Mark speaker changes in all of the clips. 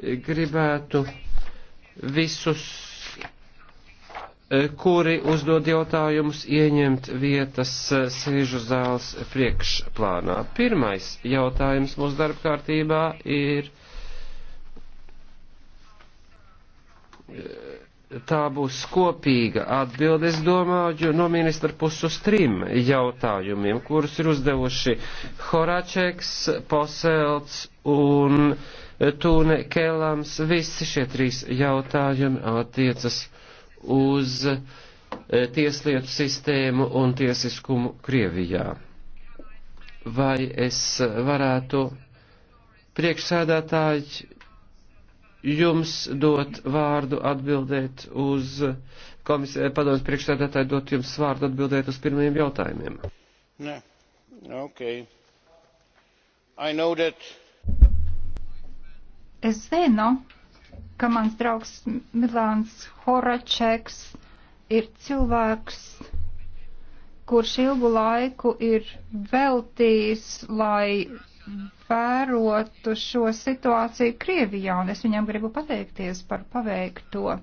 Speaker 1: gribētu visus, eh, kuri uzdod jautājumus, ieņemt vietas eh, sēžu zāles priekšplānā. Pirmais jautājums mūsu darba kārtībā ir. Eh, tā būs kopīga atbilde, es domāju, no ministra puses uz trim jautājumiem, kurus ir uzdevuši Horačeks, Poselts un e, Tūne Kelams. Visi šie trīs jautājumi attiecas uz e, tieslietu sistēmu un tiesiskumu Krievijā. Vai es varētu priekšsēdētāji jums dot vārdu atbildēt uz komisija e, padomas priekšsēdētāji dot jums vārdu atbildēt uz pirmajiem jautājumiem? Nē, ok. I know that Es zinu, ka mans draugs Milāns Horačeks ir cilvēks, kurš ilgu laiku ir veltījis, lai vērotu šo situāciju Krievijā, un es viņam gribu pateikties par paveikto.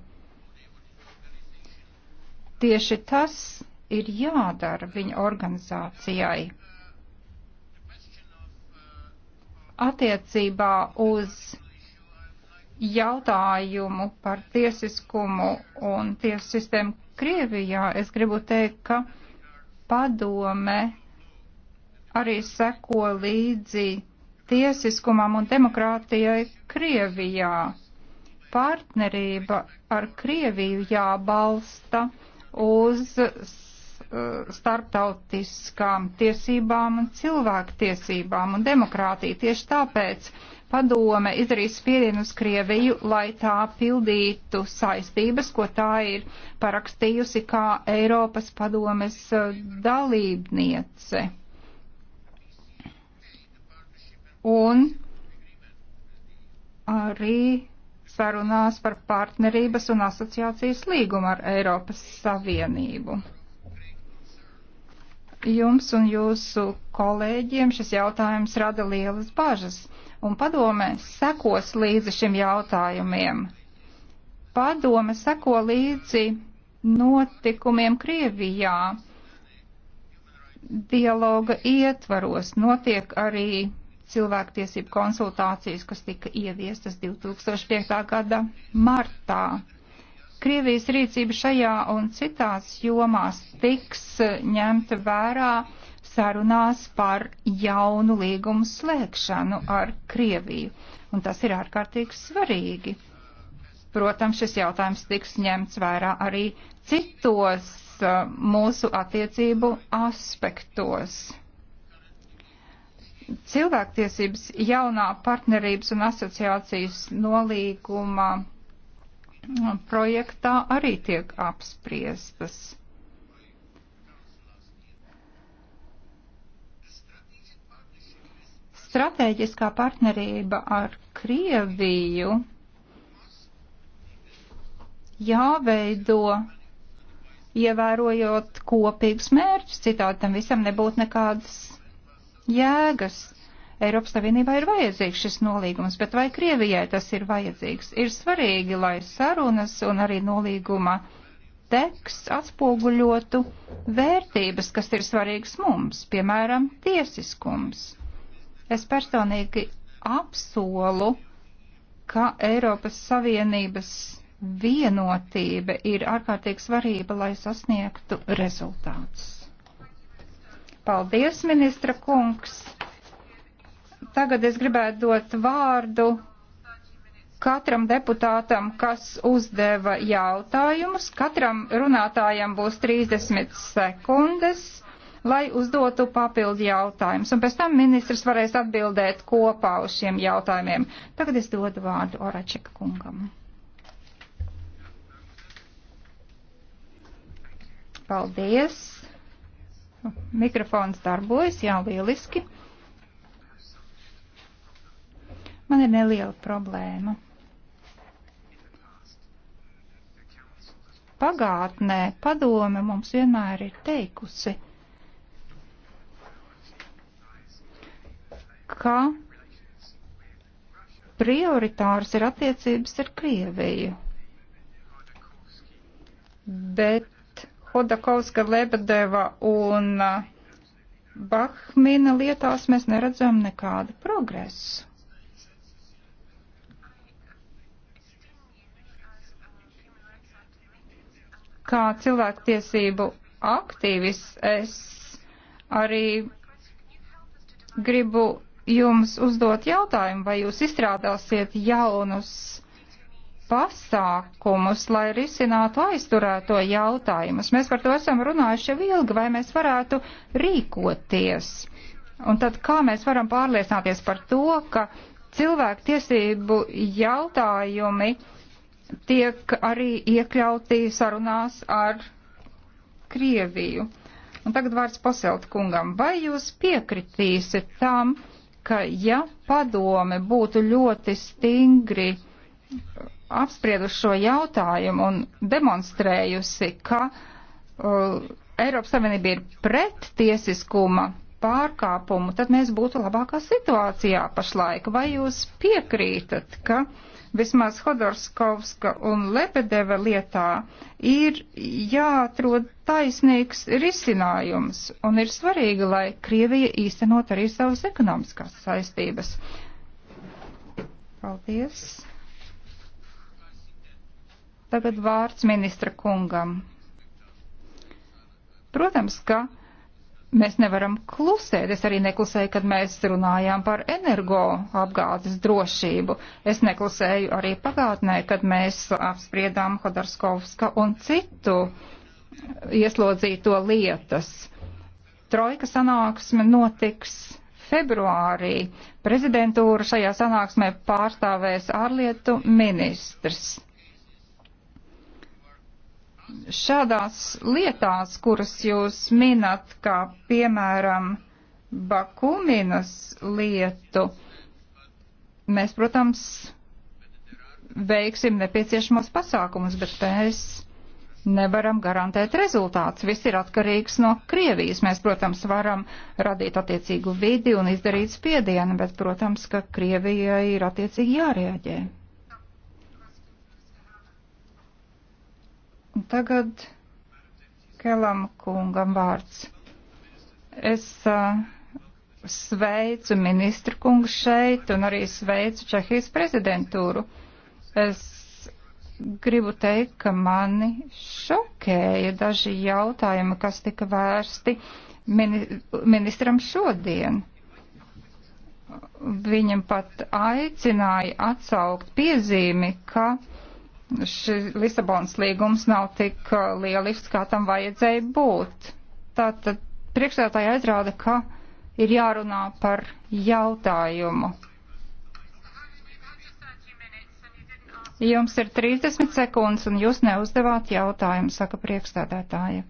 Speaker 1: Tieši tas ir jādara viņa organizācijai. Attiecībā uz jautājumu par tiesiskumu un tiesu sistēmu Krievijā, es gribu teikt, ka padome arī seko līdzi tiesiskumam un demokrātijai Krievijā. Partnerība ar Krieviju jābalsta uz starptautiskām tiesībām un cilvēktiesībām un demokrātiju. Tieši tāpēc padome izdarīs spiedienu uz Krieviju, lai tā pildītu saistības, ko tā ir parakstījusi kā Eiropas padomes uh, dalībniece. Un arī sarunās par partnerības un asociācijas līgumu ar Eiropas Savienību jums un jūsu kolēģiem šis jautājums rada lielas bažas, un padome sekos līdzi šim jautājumiem. Padome seko līdzi notikumiem Krievijā. Dialoga ietvaros notiek arī cilvēktiesību konsultācijas, kas tika ieviestas 2005. gada martā. Krievijas rīcība šajā un citās jomās tiks eh, ņemta vērā sarunās par jaunu līgumu slēgšanu ar Krieviju, un tas ir ārkārtīgi svarīgi. Protams, šis jautājums tiks ņemts vērā arī citos eh, mūsu attiecību aspektos. Cilvēktiesības jaunā partnerības un asociācijas nolīguma projektā arī tiek apspriestas. Stratēģiskā partnerība ar Krieviju jāveido ievērojot kopīgus mērķus, citādi tam visam nebūtu nekādas jēgas. Eiropas Savienībā ir vajadzīgs šis nolīgums, bet vai Krievijai tas ir vajadzīgs? Ir svarīgi, lai sarunas un arī nolīguma teksts atspoguļotu vērtības, kas ir svarīgas mums, piemēram, tiesiskums. Es personīgi apsolu, ka Eiropas Savienības vienotība ir ārkārtīgi svarība, lai sasniegtu rezultātus. Paldies, ministra kungs! tagad es gribētu dot vārdu katram deputātam, kas uzdeva jautājumus. Katram runātājam būs 30 sekundes, lai uzdotu papildu jautājumus. Un pēc tam ministrs varēs atbildēt kopā uz šiem jautājumiem. Tagad es dodu vārdu Oračeka kungam. Paldies. Mikrofons darbojas, jā, lieliski. Man ir neliela problēma. Pagātnē padome mums vienmēr ir teikusi, ka prioritārs ir attiecības ar Krieviju. Bet Hodakovska, Lebedeva un Bahmina lietās mēs neredzam nekādu progresu. kā cilvēktiesību aktīvists, es arī gribu jums uzdot jautājumu, vai jūs izstrādāsiet jaunus pasākumus, lai risinātu aizturēto jautājumus. Mēs par to esam runājuši jau ilgi, vai mēs varētu rīkoties. Un tad kā mēs varam pārliecināties par to, ka cilvēku tiesību jautājumi uh, tiek arī iekļauti sarunās ar Krieviju. Un tagad vārds paselt kungam. Vai jūs piekritīsiet tam, ka ja padome būtu ļoti stingri apsprieduši šo jautājumu un demonstrējusi, ka uh, Eiropas Savienība ir pret tiesiskuma pārkāpumu, tad mēs būtu labākā situācijā pašlaik. Vai jūs piekrītat, ka uh, vismaz Hodorskovska un Lepedeva lietā ir jāatrod taisnīgs risinājums un ir svarīgi, lai Krievija īstenot arī savas ekonomiskās saistības. Paldies. Tagad vārds ministra kungam. Protams, ka mēs nevaram klusēt. Es arī neklusēju, kad mēs runājām par energoapgādes drošību. Es neklusēju arī pagātnē, kad mēs apspriedām Hodarskovska un citu ieslodzīto lietas. Trojka sanāksme notiks februārī. Prezidentūru šajā sanāksmē pārstāvēs ārlietu ministrs šādās lietās, kuras jūs minat, kā piemēram Bakuminas lietu, mēs, protams, veiksim nepieciešamos pasākumus, bet mēs nevaram garantēt rezultāts. Viss ir atkarīgs no Krievijas. Mēs, protams, varam radīt attiecīgu vidi un izdarīt spiedienu, bet, protams, ka Krievijai ir attiecīgi jārēģē. tagad Kelam kungam vārds. Es uh, sveicu ministru kungu šeit un arī sveicu Čehijas prezidentūru. Es gribu teikt, ka mani šokēja daži jautājumi, kas tika vērsti mini ministram šodien. Viņam pat aicināja atsaukt piezīmi, ka uh, šis Lisabonas līgums nav tik uh, lielisks, kā tam vajadzēja būt. Tātad priekšstādātāja aizrāda, ka ir jārunā par jautājumu. Jums ir 30 sekundes, un jūs neuzdevāt jautājumu, saka priekšstādātāja.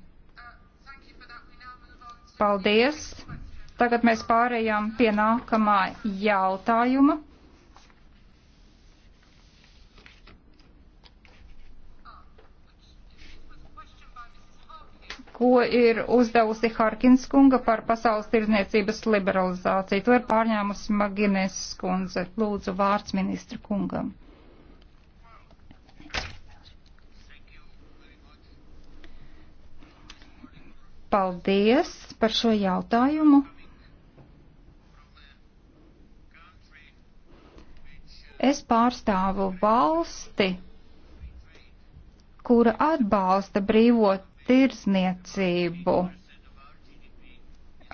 Speaker 1: Paldies! Tagad mēs pārējām pie nākamā jautājuma. ko ir uzdevusi Harkins kunga par pasaules tirzniecības liberalizāciju. To ir pārņēmusi Magines skundze. Lūdzu, vārds ministra kungam. Paldies par šo jautājumu. Es pārstāvu valsti, kura atbalsta brīvot tirzniecību.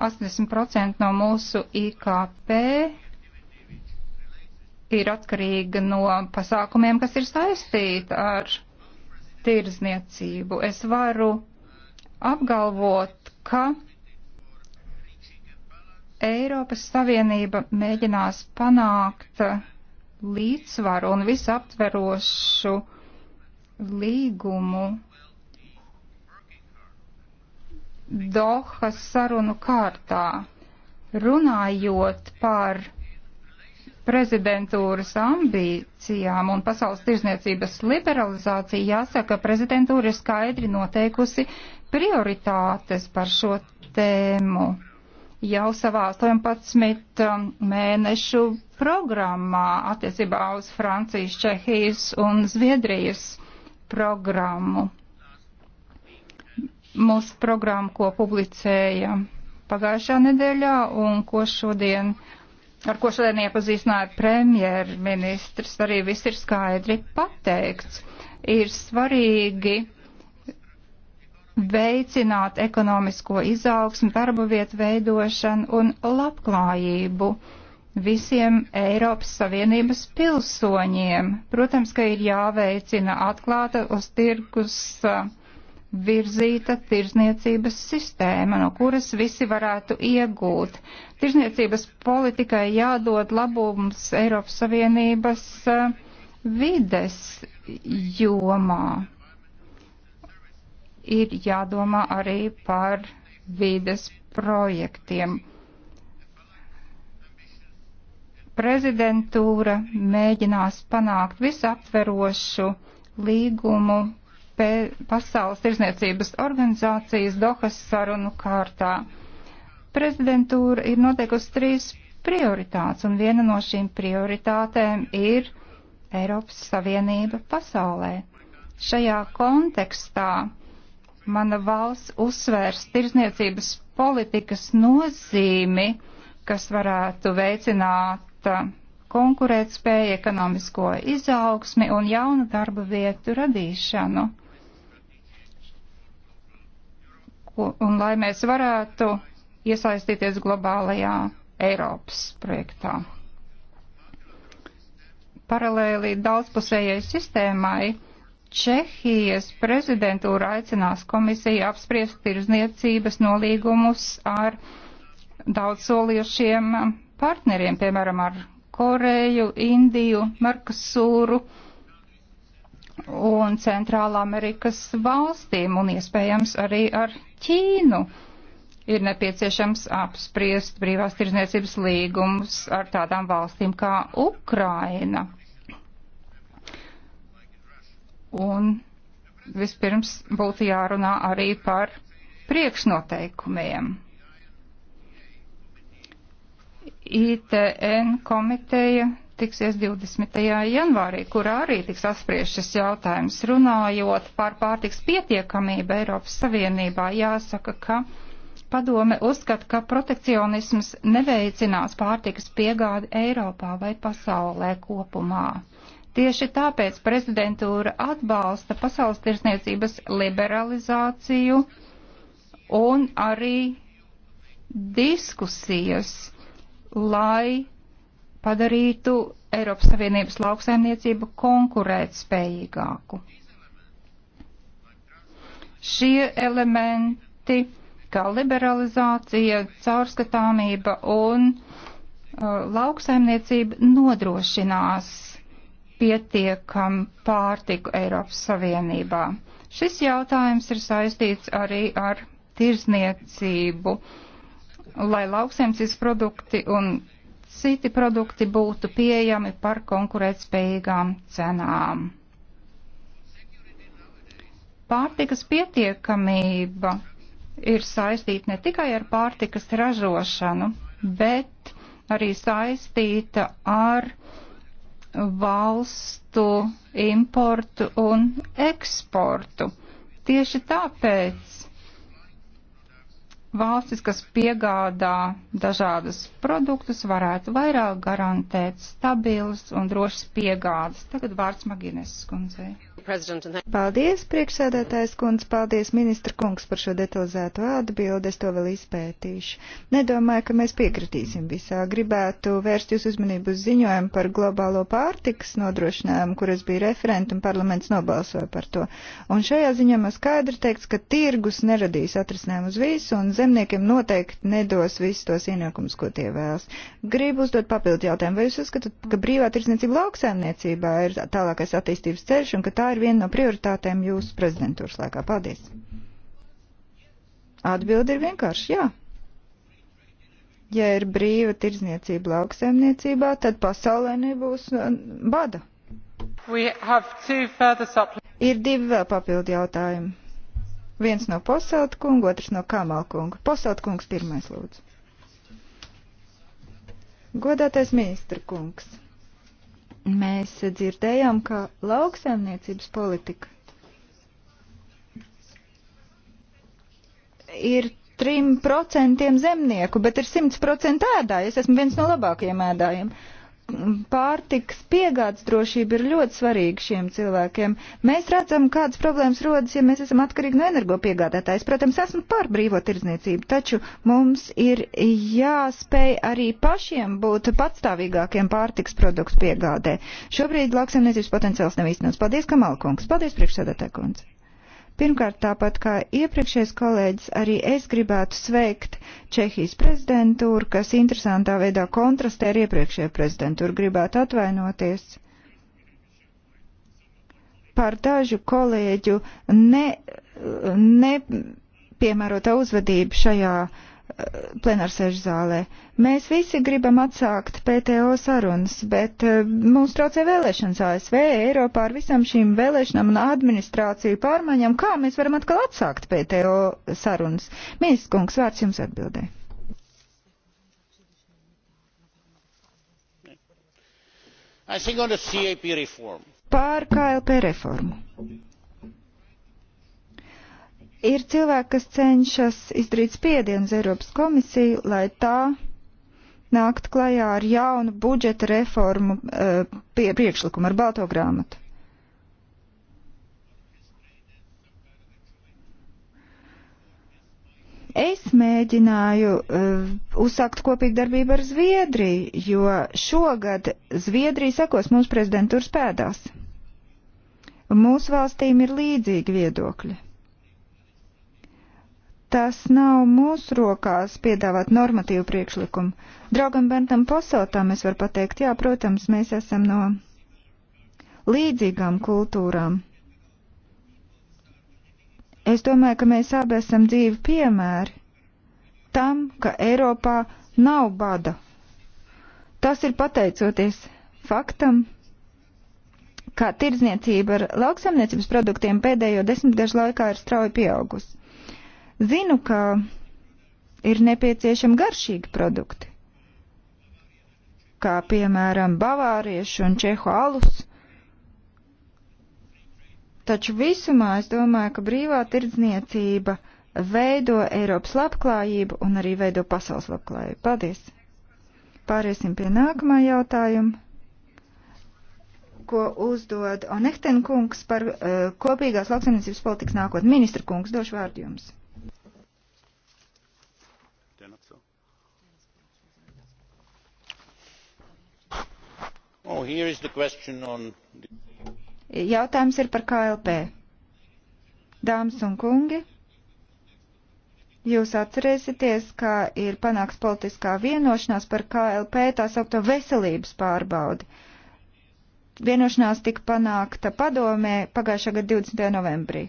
Speaker 1: 80% no mūsu IKP ir atkarīga no pasākumiem, kas ir saistīti ar tirzniecību. Es varu apgalvot, ka Eiropas Savienība mēģinās panākt līdzsvaru un visaptverošu līgumu Dohas sarunu kārtā. Runājot par prezidentūras ambīcijām un pasaules tirzniecības liberalizāciju, jāsaka, prezidentūra ir skaidri noteikusi prioritātes par šo tēmu jau savā 18 um, mēnešu programmā attiecībā uz Francijas, Čehijas un Zviedrijas programmu mūsu programmu, ko publicēja pagājušā nedēļā un ko šodien, ar ko šodien iepazīstināja premjerministrs, arī viss ir skaidri pateikts. Ir svarīgi veicināt ekonomisko izaugsmu, darba vietu veidošanu un labklājību visiem Eiropas Savienības pilsoņiem. Protams, ka ir jāveicina atklāta uz tirgus uh, virzīta tirzniecības sistēma, no kuras visi varētu iegūt. Tirzniecības politikai jādod labums Eiropas Savienības eh, vides jomā. Ir jādomā arī par vides projektiem. Prezidentūra mēģinās panākt visaptverošu līgumu Pasaules tirzniecības organizācijas Dohas sarunu kārtā. Prezidentūra ir noteikusi trīs prioritātes, un viena no šīm prioritātēm ir Eiropas Savienība pasaulē. Šajā kontekstā mana valsts uzsvērs tirzniecības politikas nozīmi, kas varētu veicināt uh, konkurētspēju, ekonomisko izaugsmi un jaunu darba vietu radīšanu. un, un lai mēs varētu iesaistīties globālajā Eiropas projektā. Paralēli daudzpusējai sistēmai Čehijas prezidentūra aicinās komisiju apspriest tirzniecības nolīgumus ar daudzsolījušiem partneriem, piemēram, ar Koreju, Indiju, Markusūru un Centrālā Amerikas valstīm un iespējams arī ar Ķīnu. Ir nepieciešams apspriest brīvās tirzniecības līgumus ar tādām valstīm kā Ukraina. Un vispirms būtu jārunā arī par priekšnoteikumiem. ITN komiteja tiksies 20. janvārī, kurā arī tiks apspriest šis jautājums. Runājot par pārtiks pietiekamību Eiropas Savienībā, jāsaka, ka padome uzskata, ka protekcionisms neveicinās pārtikas piegādi Eiropā vai pasaulē kopumā. Tieši tāpēc prezidentūra atbalsta pasaules tirsniecības liberalizāciju un arī diskusijas, lai padarītu Eiropas Savienības lauksaimniecību konkurētspējīgāku. Šie elementi, kā liberalizācija, caurskatāmība un uh, lauksaimniecība nodrošinās pietiekam pārtiku Eiropas Savienībā. Šis jautājums ir saistīts arī ar tirzniecību, lai lauksaimniecības produkti un citi produkti būtu pieejami par konkurētspējīgām cenām. Pārtikas pietiekamība ir saistīta ne tikai ar pārtikas ražošanu, bet arī saistīta ar valstu importu un eksportu. Tieši tāpēc valstis, kas piegādā dažādus produktus, varētu vairāk garantēt stabilas un drošas piegādas. Tagad vārds Magines skundzei.
Speaker 2: Paldies, priekšsēdētājs kundze, paldies, ministra kungs, par šo detalizēto atbildi. Es to vēl izpētīšu. Nedomāju, ka mēs piekritīsim visā. Gribētu vērst jūs uzmanību uz ziņojumu par globālo pārtikas nodrošinājumu, kur es biju referenta un parlaments nobalsoja par to. Un šajā ziņojumā skaidri teikts, ka tirgus neradīs atrisinājumu uz visu un zemniekiem noteikti nedos visus tos ienākumus, ko tie vēlas. Gribu uzdot papildu jautājumu. Vai jūs uzskatāt, ka brīvā tirsniecība lauksēmniecībā ir tālākais attīstības ceļš un ka tā ir viena no prioritātēm jūsu prezidentūras laikā? Paldies! Atbildi ir vienkārši jā. Ja ir brīva tirdzniecība lauksaimniecībā, tad pasaulē nebūs uh, bada. Ir divi vēl papildu jautājumi. Viens no Poselta kunga, otrs no Kamala kunga. Poselta kungs pirmais lūdzu. Godātais ministra kungs. Mēs dzirdējām, ka lauksaimniecības politika ir 3% zemnieku, bet ir 100% ēdāji. Es esmu viens no labākajiem ēdājiem. Uh, pārtiks piegādes drošība ir ļoti svarīga šiem cilvēkiem. Mēs redzam, kādas problēmas rodas, ja mēs esam atkarīgi no energopiegādātājs. Protams, esmu par brīvo tirdzniecību, taču mums ir jāspēj arī pašiem būt patstāvīgākiem pārtiks produktu piegādē. Šobrīd lauksaimniecības potenciāls nav īstenots. Paldies, Kamalkungs. Paldies, priekšsēdētāj, kungs. Pirmkārt, tāpat kā iepriekšējais kolēģis, arī es gribētu sveikt Čehijas prezidentūru, kas interesantā veidā kontrastē ar iepriekšējo prezidentūru. Gribētu atvainoties par dažu kolēģu ne, nepiemērotā uzvedību šajā uh, plenārsēžu zālē. Mēs visi gribam atsākt PTO sarunas, bet eh, mums traucē vēlēšanas ASV, Eiropā ar visam šīm vēlēšanām un administrāciju pārmaiņām. Kā mēs varam atkal atsākt PTO sarunas? Ministrs kungs, vārds jums atbildē. Pār KLP reformu Ir cilvēki, kas cenšas izdarīt spiedienu uz Eiropas komisiju, lai tā nākt klajā ar jaunu budžeta reformu eh, pie, priekšlikumu ar balto grāmatu. Es mēģināju uh, uzsākt kopīgu darbību ar Zviedriju, jo šogad Zviedrija sekos mūsu prezidentūras pēdās. Mūsu valstīm ir līdzīgi viedokļi. Tas nav mūsu rokās piedāvāt normatīvu priekšlikumu. Draugam Bentam Posotam es varu pateikt, jā, protams, mēs esam no līdzīgām kultūrām. Es domāju, ka mēs abi esam dzīvi piemēri tam, ka Eiropā nav bada. Tas ir pateicoties faktam, ka tirdzniecība ar lauksaimniecības produktiem pēdējo desmitgažu laikā ir strauji pieaugusi. Zinu, ka ir nepieciešami garšīgi produkti, kā piemēram bavāriešu un čehu alus. Taču visumā es domāju, ka brīvā tirdzniecība veido Eiropas labklājību un arī veido pasaules labklājību. Paldies! Pāriesim pie nākamā jautājuma, ko uzdod Onehten kungs par uh, kopīgās lauksaimniecības politikas nākotni. Ministra kungs, došu vārdu jums.
Speaker 1: Oh, on...
Speaker 2: Jautājums ir par KLP. Dāmas un kungi, jūs atcerēsieties, ka ir panāks politiskā vienošanās par KLP tā saukto veselības pārbaudi. Vienošanās tika panākta padomē pagājušā gada 20. novembrī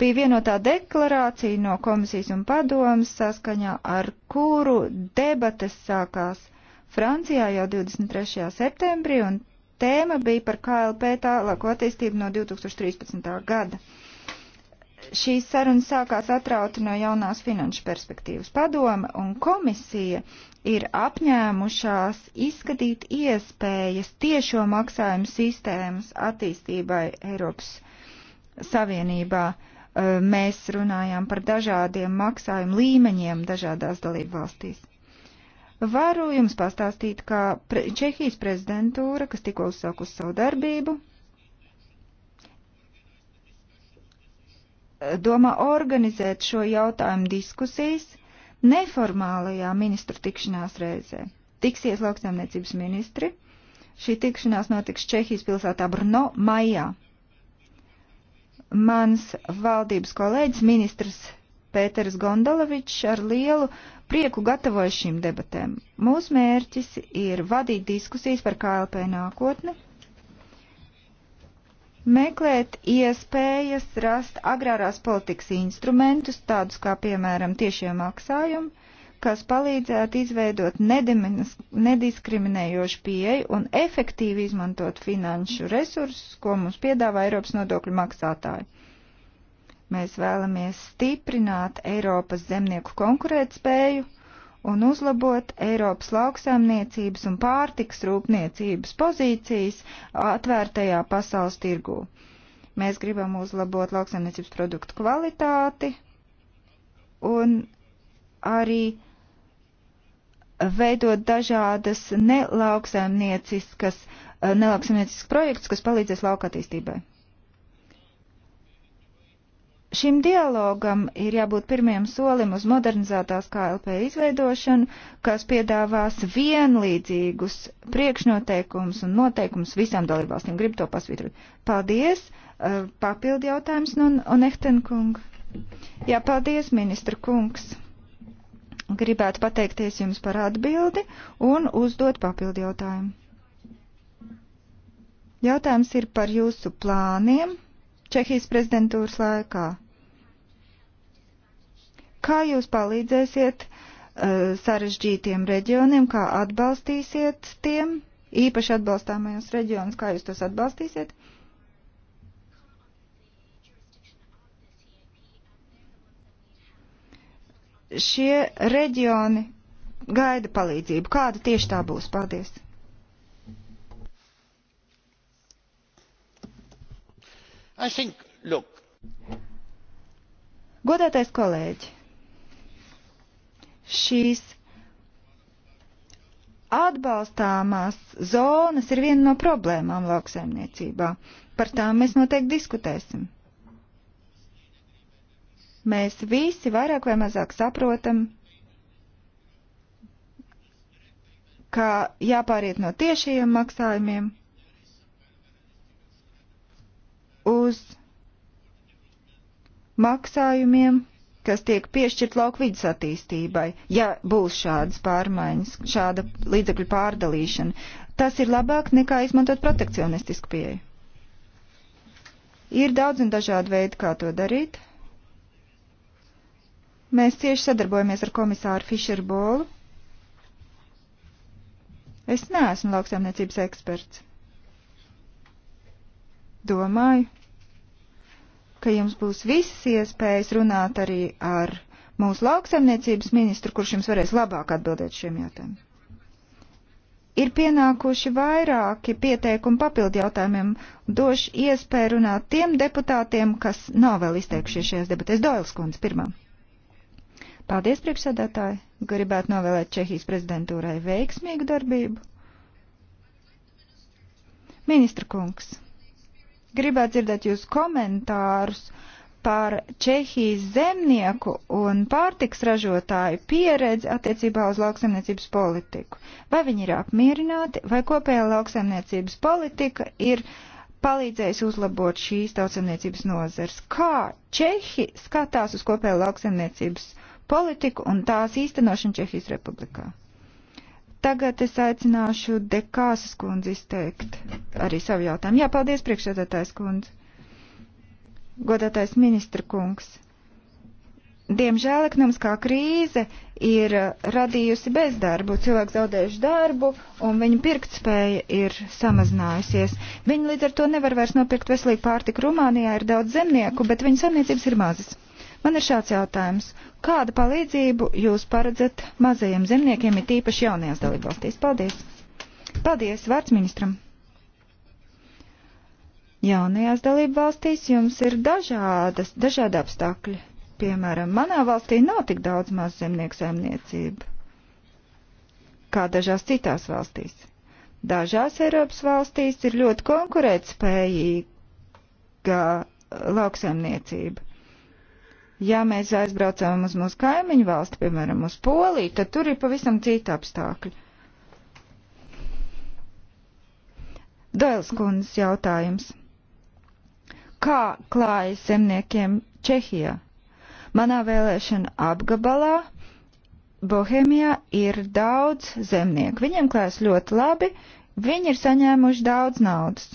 Speaker 2: bija vienotā deklarācija no komisijas un padomas, saskaņā ar kuru debates sākās Francijā jau 23. septembrī, un tēma bija par KLP tālāko attīstību no 2013. gada. Šīs sarunas sākās atrauti no jaunās finanšu perspektīvas. Padome un komisija ir apņēmušās izskatīt iespējas tiešo maksājumu sistēmas attīstībai Eiropas Savienībā. Mēs runājām par dažādiem maksājumu līmeņiem dažādās dalību valstīs. Varu jums pastāstīt, ka pre Čehijas prezidentūra, kas tikko uzsākus savu darbību, domā organizēt šo jautājumu diskusijas neformālajā ministru tikšanās reizē. Tiksies lauksaimniecības ministri. Šī tikšanās notiks Čehijas pilsētā Brno maijā. Mans valdības kolēģis ministrs Pēters Gondalavičs ar lielu prieku gatavojas šīm debatēm. Mūsu mērķis ir vadīt diskusijas par KLP nākotni, meklēt iespējas rast agrārās politikas instrumentus, tādus kā, piemēram, tiešie maksājumi, kas palīdzētu izveidot nediskriminējošu pieeju un efektīvi izmantot finanšu resursus, ko mums piedāvā Eiropas nodokļu maksātāji. Mēs vēlamies stiprināt Eiropas zemnieku konkurētspēju un uzlabot Eiropas lauksaimniecības un pārtiks rūpniecības pozīcijas atvērtajā pasaules tirgū. Mēs gribam uzlabot lauksaimniecības produktu kvalitāti un arī veidot dažādas nelauksaimnieciskas, nelauksaimnieciskas projekts, kas palīdzēs lauka attīstībai. Šim dialogam ir jābūt pirmajam solim uz modernizētās KLP izveidošanu, kas piedāvās vienlīdzīgus priekšnoteikumus un noteikumus visām dalībvalstīm. Gribu to pasvītrot. Paldies! Papildi jautājums no Onehtenkunga. Jā, paldies, ministra kungs! Gribētu pateikties jums par atbildi un uzdot papildi jautājumu. Jautājums ir par jūsu plāniem Čehijas prezidentūras laikā. Kā jūs palīdzēsiet uh, sarežģītiem reģioniem, kā atbalstīsiet tiem, īpaši atbalstāmajos reģionus, kā jūs tos atbalstīsiet? Šie reģioni gaida palīdzību. Kāda tieši tā būs? Paldies! Think, Godātais kolēģi, šīs atbalstāmās zonas ir viena no problēmām lauksaimniecībā. Par tām mēs noteikti diskutēsim. Mēs visi vairāk vai mazāk saprotam, ka jāpāriet no tiešajiem maksājumiem uz maksājumiem, kas tiek piešķirt lauku vidas attīstībai, ja būs šādas pārmaiņas, šāda līdzekļu pārdalīšana. Tas ir labāk nekā izmantot protekcionistisku pieeju. Ir daudz un dažādi veidi, kā to darīt. Mēs cieši sadarbojamies ar komisāru Fisheru Bolu. Es neesmu lauksaimniecības eksperts. Domāju, ka jums būs visas iespējas runāt arī ar mūsu lauksaimniecības ministru, kurš jums varēs labāk atbildēt šiem jautājumiem. Ir pienākuši vairāki pieteikumi papildu jautājumiem. Došu iespēju runāt tiem deputātiem, kas nav vēl izteikušies šajās debatēs. Doils kundze pirmā. Paldies, priekšsēdētāji. Gribētu novēlēt Čehijas prezidentūrai veiksmīgu darbību. Ministra kungs. Gribētu dzirdēt jūs komentārus par Čehijas zemnieku un pārtiks ražotāju pieredzi attiecībā uz lauksaimniecības politiku. Vai viņi ir apmierināti, vai kopējā lauksaimniecības politika ir palīdzējusi uzlabot šīs tautsaimniecības nozars? Kā Čehi skatās uz kopējo lauksaimniecības politiku un tās īstenošanu Čehijas republikā? Tagad es aicināšu Dekāsas kundzi izteikt arī savu jautājumu. Jā, paldies priekšsēdētājs kundze. Godātais ministra kungs. Diemžēl ekonomiskā krīze ir radījusi bezdarbu, cilvēki zaudējuši darbu un viņu pirktspēja ir samazinājusies. Viņi līdz ar to nevar vairs nopirkt veselīgu pārtiku Rumānijā, ir daudz zemnieku, bet viņu saimniecības ir mazas. Man ir šāds jautājums. Kādu palīdzību jūs paredzat mazajiem zemniekiem, ir tīpaši jaunajās dalībvalstīs? Paldies! Paldies! Vārds ministram! Jaunajās dalībvalstīs jums ir dažādas, dažādi apstākļi. Piemēram, manā valstī nav tik daudz mazzemnieku saimniecību kā dažās citās valstīs. Dažās Eiropas valstīs ir ļoti konkurētspējīga lauksaimniecība. Ja mēs aizbraucam uz mūsu kaimiņu valsti, piemēram, uz Poliju, tad tur ir pavisam cita apstākļi. Dēls kundzes jautājums. Kā klājas zemniekiem Čehijā? Manā vēlēšana apgabalā Bohēmijā ir daudz zemnieku. Viņiem klājas ļoti labi, viņi ir saņēmuši daudz naudas.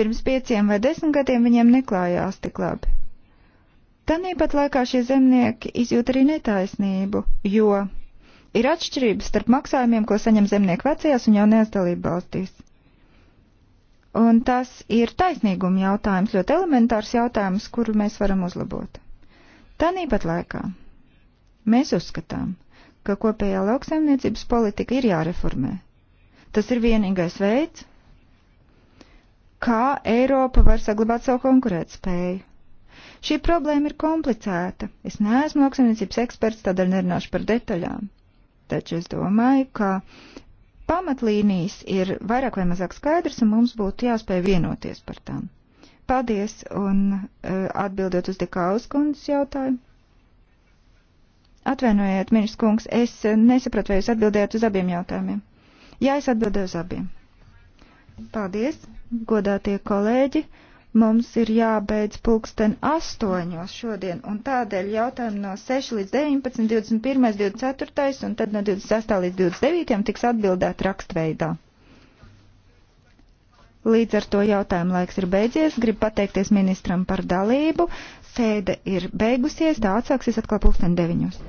Speaker 2: Pirms pieciem vai desmit gadiem viņiem neklājās tik labi. Tanīpat laikā šie zemnieki izjūt arī netaisnību, jo ir atšķirības starp maksājumiem, ko saņem zemnieki vecajās un jaunajās dalību valstīs. Un tas ir taisnīguma jautājums, ļoti elementārs jautājums, kuru mēs varam uzlabot. Tanīpat laikā mēs uzskatām, ka kopējā lauksaimniecības politika ir jāreformē. Tas ir vienīgais veids, kā Eiropa var saglabāt savu konkurētspēju. Šī problēma ir komplicēta. Es neesmu lauksaimniecības eksperts, tādēļ nerunāšu par detaļām. Taču es domāju, ka pamatlīnijas ir vairāk vai mazāk skaidrs, un mums būtu jāspēj vienoties par tām. Paldies, un uh, atbildot uz Dekaus kundzes jautājumu. Atvainojiet, ministrs kungs, es nesapratu, vai jūs atbildējāt uz abiem jautājumiem. Jā, es atbildēju uz abiem. Paldies! godātie kolēģi, mums ir jābeidz pulksten astoņos šodien, un tādēļ jautājumi no 6 līdz 19, 21, 24 un tad no 26 līdz 29 tiks atbildēt rakstveidā. Līdz ar to jautājumu laiks ir beidzies. Gribu pateikties ministram par dalību. Sēde ir beigusies, tā atsāksies atkal pulksten deviņos.